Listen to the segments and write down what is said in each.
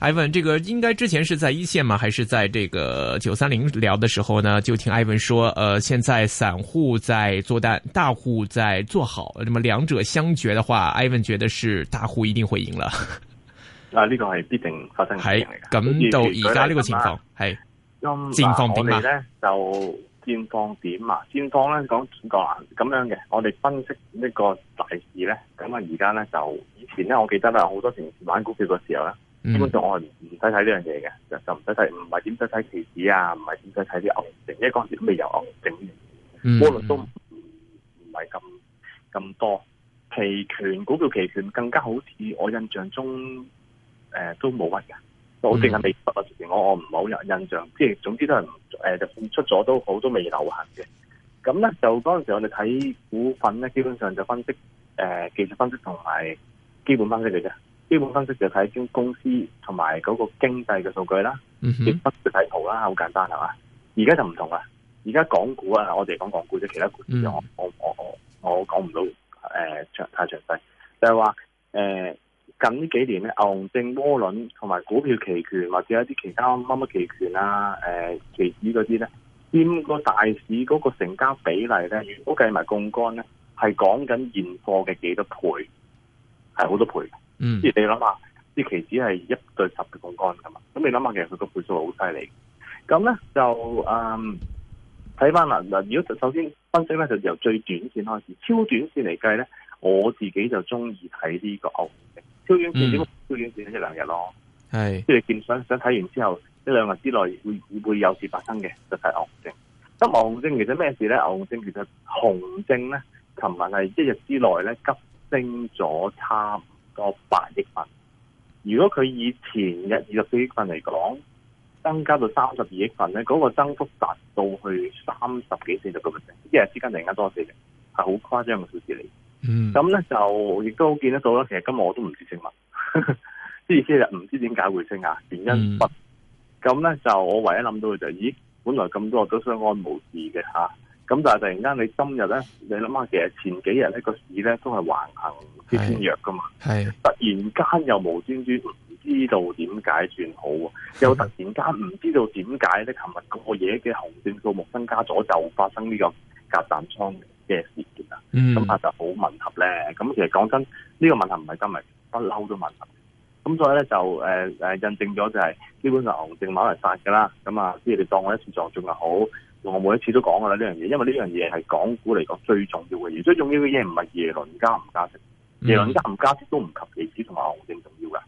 Ivan, 這個應該之前是在一線嘛，還是在這個九三零聊的時候呢？就聽 Ivan 說，呃，現在散戶在做淡，大戶在做好，那麼兩者相決的話，Ivan 覺得是大戶一定會贏了啊，呢個係必定發生嘅嘢嚟嘅。咁到而家呢個情況係戰況點啊？我哋咧就戰況點啊？戰況咧講幾個咁樣嘅，我哋分析呢個大事咧，咁啊而家咧就以前咧，我記得咧好多時玩股票嘅時候咧。嗯、基本上我係唔使睇呢樣嘢嘅，就唔使睇，唔係點使睇期指啊，唔係點使睇啲牛證，因為嗰陣時都未有牛證，波率、嗯、都唔係係咁咁多。期權股票期權更加好似我印象中，誒、呃、都冇乜嘅，正嗯、我正係未，當時我我唔好有印象，即係總之都係誒、呃、就付出咗都好，都未流行嘅。咁咧就嗰陣時我哋睇股份咧，基本上就分析誒、呃、技術分析同埋基本分析嚟啫。基本分析就睇兼公司同埋嗰個經濟嘅數據啦，亦不睇圖啦，好簡單係嘛？而家就唔同啊，而家港股啊，我哋講港股啫，其他股市、嗯、我我我我講唔到誒，長、呃、太詳細。就係話誒，近呢幾年咧，牛熊窩輪同埋股票期權或者一啲其他乜乜期權啊，誒、呃，期指嗰啲咧，佔個大市嗰個成交比例咧，如果計埋槓桿咧，係講緊現貨嘅幾多，多倍，係好多倍。嗯，即係你諗下，啲期指係一對十嘅槓杆，係嘛？咁你諗下，其實佢個倍數係好犀利。咁咧就嗯睇翻啦。嗱，如果首先分析咧，就由最短線開始，超短線嚟計咧，我自己就中意睇呢個牛熊證。超短線點？超短線一兩日咯。係是，即係你見想想睇完之後，一兩日之內會會會有事發生嘅就睇、是、牛熊證。咁牛熊證其實咩事咧？牛熊證其實熊證咧，琴日係一日之內咧急升咗差。個八億份，如果佢以前日二十四億份嚟講，增加到三十二億份咧，嗰、那個增幅達到去三十幾四十個 percent，一日之間突然間多四成，係好誇張嘅數字嚟。嗯、mm.，咁咧就亦都見得到啦。其實今日我都唔知正嘛，即係意思係唔知點解會升啊？原因不咁咧就我唯一諗到嘅就係、是，咦，本來咁多人都相安無事嘅吓。咁但係突然間你今日咧，你諗下其實前幾日咧個市咧都係橫行偏弱噶嘛，係突然間又無端端唔知道點解轉好，又突然間唔知道點解咧，琴日個嘢嘅紅證數目增加咗，就發生呢個夾彈倉嘅事件啦，咁啊就好吻合咧。咁其實講真，呢、這個吻合唔係今日不嬲都吻合。咁所以咧就誒誒、呃、印證咗就係、是，基本上紅證冇人殺噶啦。咁啊，即係你當我一次撞中又好。我每一次都講噶啦，呢樣嘢，因為呢樣嘢係港股嚟講最重要嘅嘢。最重要嘅嘢唔係耶倫加唔加息，mm hmm. 耶倫加唔加息都唔及期指同埋恒證重要噶。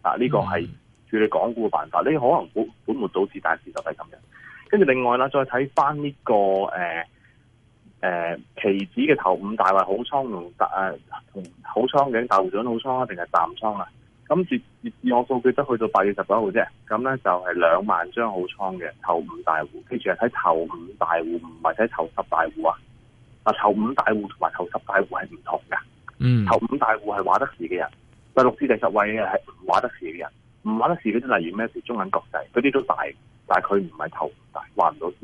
啊、呢、這個係處理港股嘅辦法。你可能本本末倒置，但係事實係咁樣。跟住另外啦，再睇翻呢個誒誒期指嘅頭五大位、呃，好倉同誒同好倉嘅大戶長好倉啊，定係淡倉啊？咁、嗯嗯、自我數據得去到八月十九號啫，咁咧就係兩萬張好倉嘅頭五大戶，跟住係睇頭五大戶，唔係睇頭十大戶啊。啊，頭五大戶同埋頭十大戶係唔同㗎。嗯，頭五大戶係話得事嘅人，第六至第十位嘅係唔話得事嘅人，唔話得事嘅啲例如咩事？中銀國際佢啲都大，但佢唔係頭五大，話唔到事，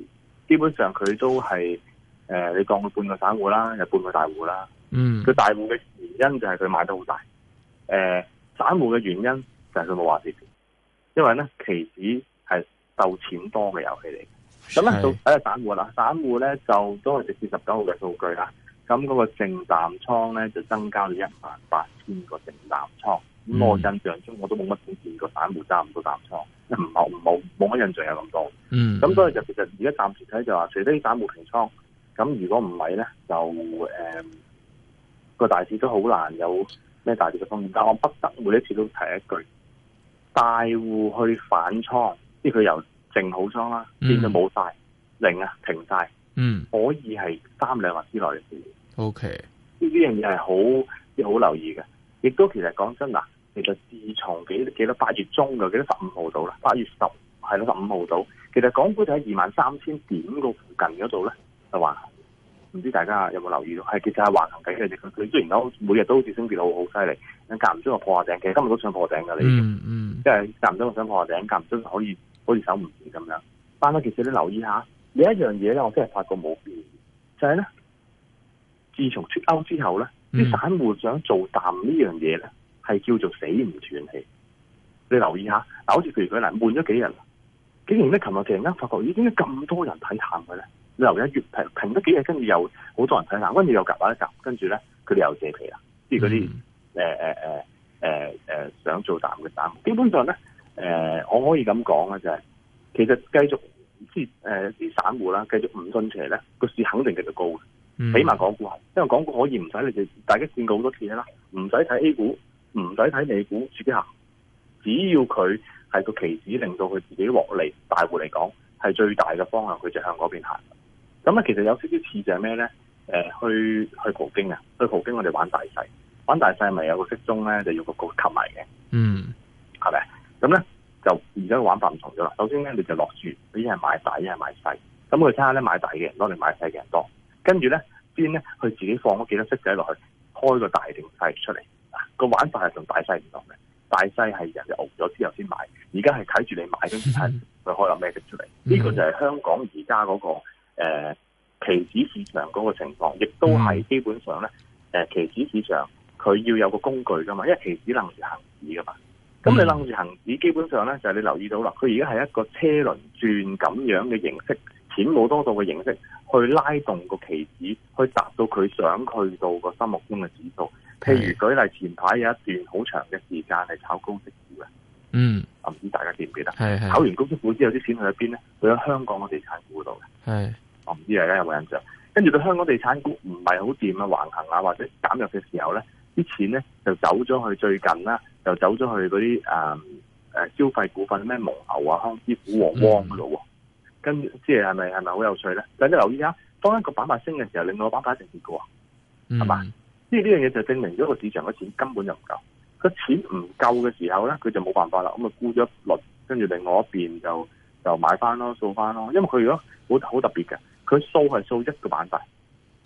基本上佢都係誒、呃，你講佢半個散戶啦，有半個大戶啦。嗯，佢大戶嘅原因就係佢買得好大，誒、呃。散戶嘅原因就係佢冇話事，因為咧期指係鬥錢多嘅遊戲嚟，咁咧是、嗯、到睇下散戶啦，散戶咧就都係截至十九號嘅數據啦，咁、那、嗰個淨淡倉咧就增加咗一萬八千個淨淡倉，咁我印象中我都冇乜點見過散戶揸唔到淡倉，唔冇冇冇乜印象有咁多，咁所以就其實而家暫時睇就話，除非散戶平倉，咁如果唔係咧，就誒個、嗯、大市都好難有。咩大碟嘅方面，但係我不得每一次都提一句，大戶去反倉，即係佢由淨好倉啦，變咗冇晒，零啊停晒，嗯，可以係三兩日之內嘅，OK，呢呢樣嘢係好要好留意嘅，亦都其實講真嗱，其實自從幾幾多八月中嘅，幾多十五號到啦，八月十係啦十五號到，其實港股就喺二萬三千點個附近嗰度咧，就話。唔知大家有冇留意到，係其實係橫行嘅，佢佢雖然都每日都好似升跌到好犀利，但隔唔中又破下頂，其實今日都想破頂嘅你。Mm hmm. 即係隔唔中想破下頂，隔唔中可以可以守唔住咁樣。但係其實你留意下，有一樣嘢咧，我真係發覺冇變，就係咧，自從脫歐之後咧，啲、mm hmm. 散戶想做淡呢樣嘢咧，係叫做死唔斷氣。你留意下，嗱，好似譬如佢嚟悶咗幾日，竟然咧琴日突然間發覺，咦，點解咁多人睇淡佢咧？留一月平平得幾日，跟住又好多人睇下。跟住又夾翻一夾，跟住咧佢哋又借皮啦，即係嗰啲誒誒誒誒誒想做淡嘅散戶。基本上咧，誒、呃、我可以咁講嘅就係、是，其實繼續啲誒啲散戶啦，繼續唔信邪咧，個市肯定繼續高嘅。嗯、mm。起碼、hmm. 港股係，因為港股可以唔使你哋大家見過好多次啦，唔使睇 A 股，唔使睇美股，自己行。只要佢係個期指令到佢自己獲利，大戶嚟講係最大嘅方向，佢就向嗰邊行。咁啊，嗯嗯嗯、其實有少少似就係咩咧？誒、呃，去去葡京啊，去葡京我哋玩大細，玩大細咪有個色盅咧？就要個個吸埋嘅，嗯，係咪？咁咧就而家玩法唔同咗啦。首先咧，你就落注，一係買大，一係買細。咁佢睇下咧買大嘅人多，定買細嘅人多。跟住咧邊咧，佢自己放咗幾多色仔落去，開個大定細出嚟。個、啊、玩法係同大細唔同嘅，大細係人哋熬咗之後先買，而家係睇住你買嗰啲產品，佢開有咩色出嚟。呢、嗯、個就係香港而家嗰個。誒，期指、呃、市場嗰個情況，亦都係基本上咧，誒、嗯，期指、呃、市場佢要有個工具噶嘛，因為期指能住行市噶嘛。咁、嗯、你楞住行市，基本上咧就係、是、你留意到啦，佢而家係一個車輪轉咁樣嘅形式，錢冇多到嘅形式去拉動個期指，去達到佢想去到個心目中嘅指數。譬是如舉例前排有一段好長嘅時間係炒高息股嘅，嗯，唔知大家記唔記得，係係是炒完高息股之後啲錢去咗邊咧？去咗香港嘅地產股度嘅，係。我唔知大家有冇印象？跟住到香港地產股唔係好掂啊，橫行啊或者減弱嘅時候咧，啲錢咧就走咗去最近啦，又走咗去嗰啲誒誒消費股份，咩蒙牛啊、康師傅和旺噶咯，嗯、跟即係係咪係咪好有趣咧？大家留意下，當一個板塊升嘅時候，另外一個板塊就跌嘅喎，係嘛？即係呢樣嘢就證明咗個市場嘅錢根本就唔夠，個錢唔夠嘅時候咧，佢就冇辦法啦，咁啊沽咗一輪，跟住另外一邊就就買翻咯，掃翻咯，因為佢如果好好特別嘅。佢掃係掃一個板塊，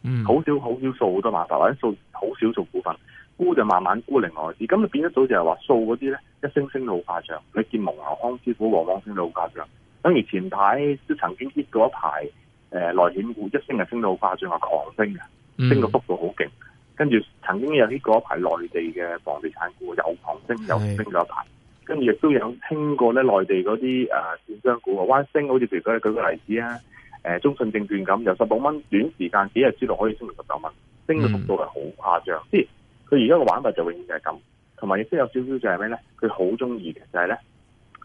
嗯，好少好少掃好多板塊，或者掃好少做股份，沽就慢慢沽。另外啲，咁啊變咗掃就係話掃嗰啲咧一升升到好誇張，你見蒙牛康師傅往往升到好誇張，等而前排都曾經跌、呃嗯、過一排，誒內險股一升又升到好誇張，話狂升嘅，升到幅度好勁，跟住曾經有啲過一排內地嘅房地產股又狂升，的又升咗一排，跟住亦都有聽過咧內地嗰啲誒券商股啊，彎升，好似譬如舉舉個例子啊。誒，中信證券咁由十六蚊短時間幾日之內可以升到十九蚊，升嘅幅度係好誇張。即係佢而家個玩法就永遠係咁，同埋亦都有少少就係咩咧？佢好中意嘅就係咧，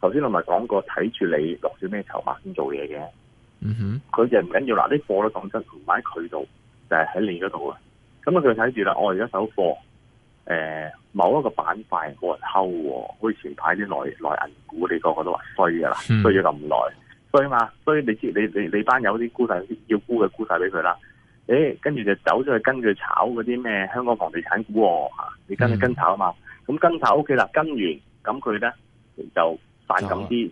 頭先我咪講過睇住你落少咩籌碼先做嘢嘅。嗯哼、mm，佢、hmm. 就唔緊要啦，啲貨都講真唔喺佢度，就係、是、喺你嗰度嘅。咁啊，佢睇住啦，我而家手貨誒，某一個板塊冇人睺喎。好似前排啲內內銀股，你個個都話衰㗎啦，衰咗咁耐。Hmm. 衰嘛，所以你知你你你班有啲沽晒，要沽嘅沽晒俾佢啦。誒，跟住就走出去跟住炒嗰啲咩香港房地產股喎、嗯、你跟跟炒啊嘛。咁跟炒 O K 啦，跟完咁佢咧就反感啲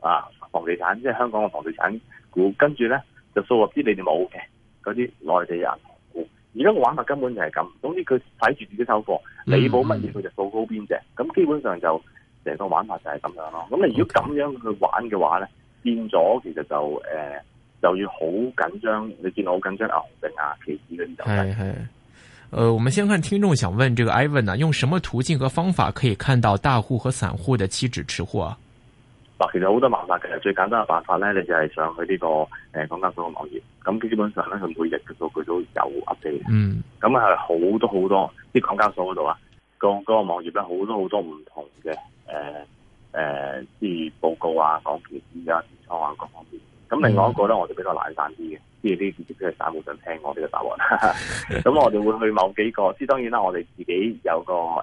啊，啊房地產，即係香港嘅房地產股。跟住咧就數落啲你哋冇嘅嗰啲內地人股。而家個玩法根本就係咁，總之佢睇住自己收貨，你冇乜嘢佢就數高邊隻。咁基本上就成個玩法就係咁樣咯。咁你如果咁樣去玩嘅話咧？Okay. 變咗，其實就誒、呃，就要好緊張。你見到好緊張啊，熊啊，期指嘅就係係。誒、呃，我們先看聽眾想問，這個 Ivan、啊、用什麼途徑和方法可以看到大戶和散戶的期指持貨啊，其實好多辦法嘅，最簡單嘅辦法咧，你就係、是、上去呢、這個誒港交所嘅網頁。咁基本上咧，佢每日嘅數據都有 update。嗯。咁係好多好多啲港交所嗰度啊，那個、那個網頁咧好多好多唔同嘅誒。呃誒，啲、呃、報告啊，講技術啊，持倉啊，各方面。咁另外一個咧、mm.，我哋比較懶散啲嘅，即係呢啲直接都係散戶想聽我哋嘅答案。咁 我哋會去某幾個，即係當然啦，我哋自己有個誒誒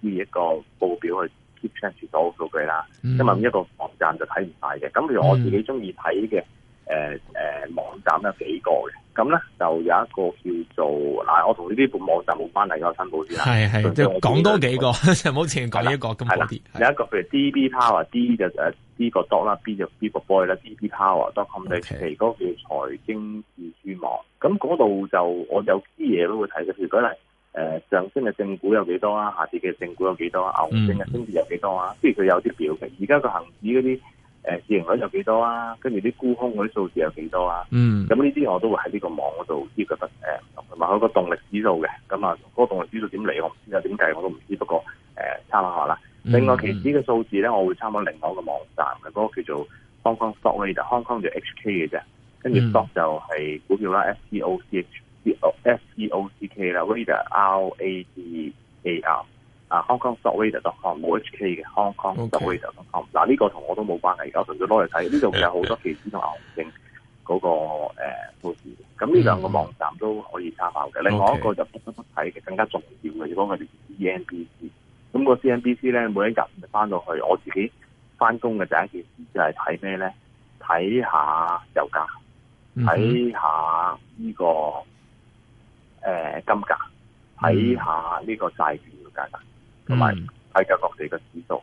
呢一個報表去 keep 住所有數據啦。因為、mm. 一個網站就睇唔晒嘅。咁譬如我自己中意睇嘅，誒誒、mm. 呃呃、網站有幾個嘅。咁咧就有一個叫做嗱、啊，我同呢啲本網站沒回來申是是就冇關係嘅新報紙。係係，即係講多幾個，就唔好淨講呢一個咁好啲。好一有一個譬如 DB Power，D 就誒呢個 d o g 啦 b 就個 b i Boy 啦 DB Power dotcom 其嗰叫財經資訊網。咁嗰度就我有啲嘢都會睇嘅。如果嚟誒上升嘅正股有幾多啊？下跌嘅正股有幾多啊？牛證嘅升跌有幾多啊？即係佢有啲表嘅。而家個恆指嗰啲。誒，市盈率有幾多啊？跟住啲沽空嗰啲數字有幾多啊？嗯，咁呢啲我都會喺呢個網嗰度知。覺得誒，不不同埋佢個動力指數嘅，咁、嗯、啊，嗰、那個動力指數點嚟我唔知啊，點計我都唔知，呃、不過誒參考下啦。另外期指嘅數字咧，我會參考另外一個網站嘅，嗰、那個叫做 Hong Kong Stock Hong Kong 就 HK 嘅啫，跟住 Stock 就係股票啦，S E、嗯、O C H，S E O、F、C, O C K 啦，嗰啲就 R A D A R。A D A R。啊，Hong Kong Surveyor.com 冇 HK 嘅，Hong Kong Surveyor.com 嗱，呢個同我都冇關係，而家純粹攞嚟睇，呢度有好多期指同牛證嗰個誒數字。咁、呃、呢兩個網站都可以參考嘅。Mm hmm. 另外一個就不得不睇嘅，更加重要嘅。如果我哋睇 C N B C，咁個 C N B C 咧，每一日翻到去，我自己翻工嘅第一件事就係睇咩咧？睇下油價，睇、mm hmm. 下呢、這個誒、呃、金價，睇下呢個債券嘅價格。同埋世界各地嘅指數，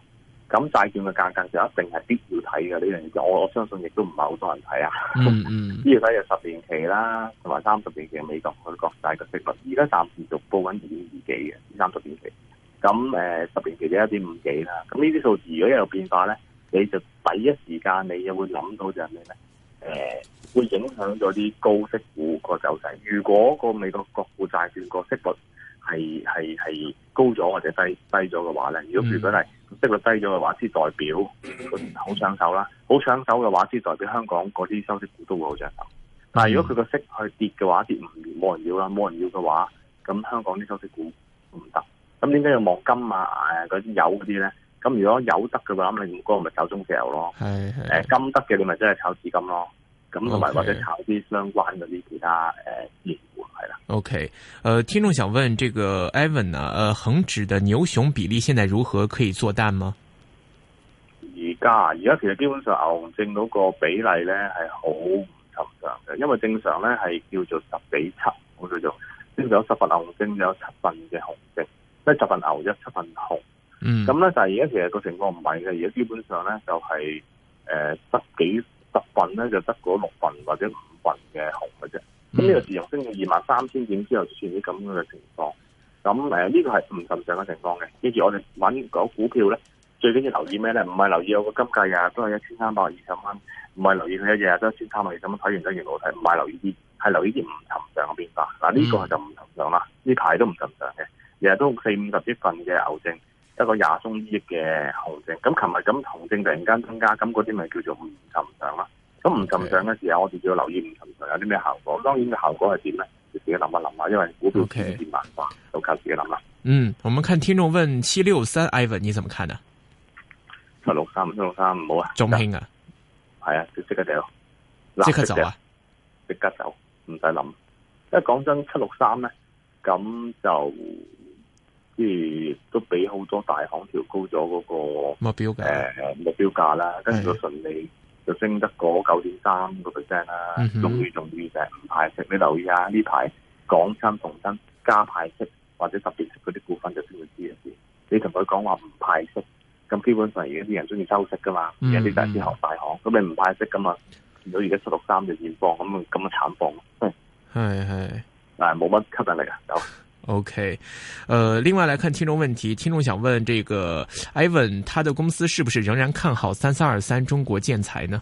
咁債券嘅價格就一定係必要睇嘅呢樣嘢。我我相信亦都唔係好多人睇啊。呢要睇就十年期啦，同埋三十年期美國佢國債嘅息率，而家暫時就報緊二點二幾嘅，三十年期。咁誒，十年,、呃、年期就一點五幾啦。咁呢啲數字如果有變化咧，你就第一時間你又會諗到就係咩咧？誒、呃，會影響咗啲高息股個走勢。如果個美國國庫債券個息率，係係係高咗或者低低咗嘅話咧，如果譬如果係息率低咗嘅話，先代表好搶手啦，好搶手嘅話，先代表香港嗰啲收息股都會好搶手。但係如果佢個息去跌嘅話，跌唔冇人要啦，冇人要嘅話，咁香港啲收息股唔得。咁點解要望金啊？誒、呃，嗰啲油嗰啲咧？咁如果有得嘅話，咁你唔該咪炒中石油咯？係誒，金得嘅你咪真係炒紫金咯。咁同埋或者炒啲相關嗰啲其他誒嘢股係啦。OK，誒、呃，聽眾想問這個 Ivan 呢、呃，誒，恆指嘅牛熊比例現在如何？可以做淡嗎？而家而家其實基本上牛熊證嗰個比例咧係好唔尋常嘅，因為正常咧係叫做十比七咁叫做，即係有十份牛熊證有七份嘅熊證，即係十份牛一七份熊。嗯。咁咧，但係而家其實個情況唔係嘅，而家基本上咧就係、是、誒、呃、十幾。十份咧就得嗰六份或者五份嘅紅嘅啫，咁呢個自從升到二萬三千點之後出現啲咁樣嘅情況，咁誒呢個係唔尋常嘅情況嘅，跟住我哋揾嗰股票咧，最緊要留意咩咧？唔係留意有個金價啊，都係一千三百二十蚊，唔係留意佢日日都一千三百二十蚊睇完睇完冇睇，唔係留意啲，係留意啲唔尋常嘅變化。嗱呢個就唔尋常啦，呢排都唔尋常嘅，日日都四五十億份嘅牛證。一個廿宗億嘅熊證，咁琴日咁熊證突然間增加，咁嗰啲咪叫做唔尋常啦。咁唔尋常嘅時候，對我哋就要留意唔尋常有啲咩效果。當然嘅效果係點咧？你自己諗一諗啊。因為股票千變萬化，O K，靠自己諗啦、啊。嗯，我們看聽眾問七六三，Ivan，你怎麼看呢、啊？七六三，七六三，唔好啊，中興啊，係啊，即刻掉，即刻走啊，即刻走，唔使諗。因為講真，七六三咧，咁就。即係都俾好多大行調高咗嗰、嗰個目標嘅誒目標價啦、呃，跟住個順利就升得個九點三個 percent 啦。嗯、哼語重要重要就係唔派息，你留意下呢排港生同新加派息或者特別息嗰啲股份就先會知一啲。你同佢講話唔派息，咁基本上而家啲人鍾意收息㗎嘛，而家啲大師學大行咁、嗯嗯、你唔派息㗎嘛，見到而家七六三就現況咁咁嘅慘況，係係嗱冇乜吸引力啊！有 O、okay, K，呃，另外來看聽眾問題，聽眾想問這個 Ivan，他的公司是不是仍然看好三三二三中國建材呢？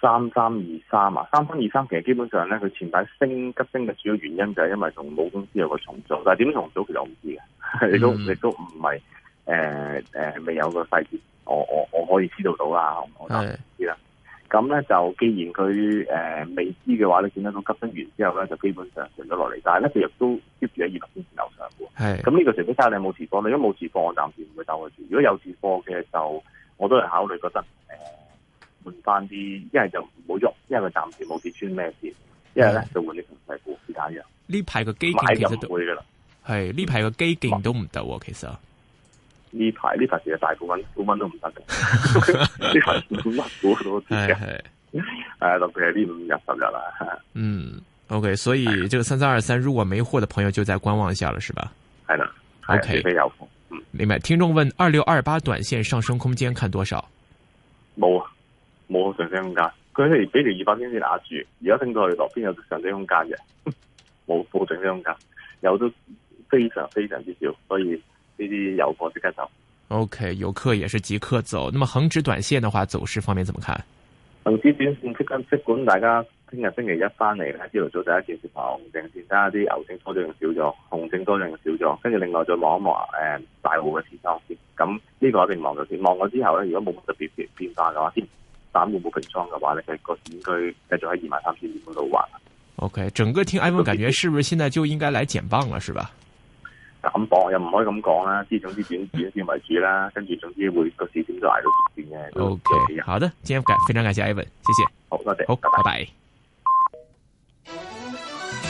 三三二三啊，三三二三其實基本上咧，佢前排升急升嘅主要原因就係因為同母公司有個重組，但係點樣重組其實我唔知嘅，亦都亦、嗯、都唔係誒誒未有個細節，我我我可以知道到啦，我唔知啦。哎咁咧就既然佢誒未知嘅話咧，見得到急升完之後咧，就基本上停咗落嚟。但係咧，佢亦都 keep 住喺二百點線樓上嘅。咁呢是個除非真係冇持貨，你如果冇持貨，我暫時唔會佢住；如果有持有貨嘅就我都係考慮覺得誒、呃、換翻啲，一係就唔好喐，因為佢暫時冇跌穿咩事，一係咧就換你同細股試下樣。呢排個基建其實唔會㗎啦。係，呢排個基建都唔得喎，其實。呢排呢排其實大部分股蚊都唔得嘅，呢排乜民股都跌嘅，誒、 嗯，特別係呢五日十日啦。嗯，OK，所以就三三二三，如果沒貨嘅朋友就再觀望一下了，是吧？係啦，OK。除非有貨，嗯，明白。聽眾問二六二八短綫上升空間看多少？冇啊，冇上升空間。佢係俾條二百點先打住，而家升到去落邊有上升空間嘅，冇冇上升空間，有都非常非常之少，所以。呢啲遊客即刻走。O K，遊客也是即刻走。那麼恒指短線的話，走勢方面怎麼看？恒指短線即今即管大家聽日星期一翻嚟喺朝頭早第一件事就紅證睇下啲牛證初張少咗，紅證多張少咗，跟住另外再望一望誒大戶嘅持倉先。咁呢個一定望咗先，望咗之後咧，如果冇特別變化嘅話，先散戶冇平倉嘅話咧，個展區繼續喺二萬三千點度橫。O K，整個聽 iPhone 感覺，是不是現在就應該來減磅了，是吧？減磅又唔可以咁講啦，知總之短短線為主啦，跟住總之會個市點都捱到線嘅。O、okay, K，好的，今日非常感謝 Ivan，謝謝。好，多謝，謝，好，拜拜。Bye bye